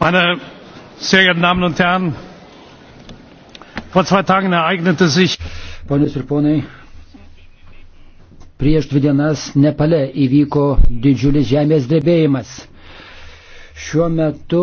meine sehr geehrten damen und herren! vor zwei tagen ereignete sich ponios ir ponai prieš dvi dienas nepale įvyko didžiulis žemės drebėjimas šiuo metu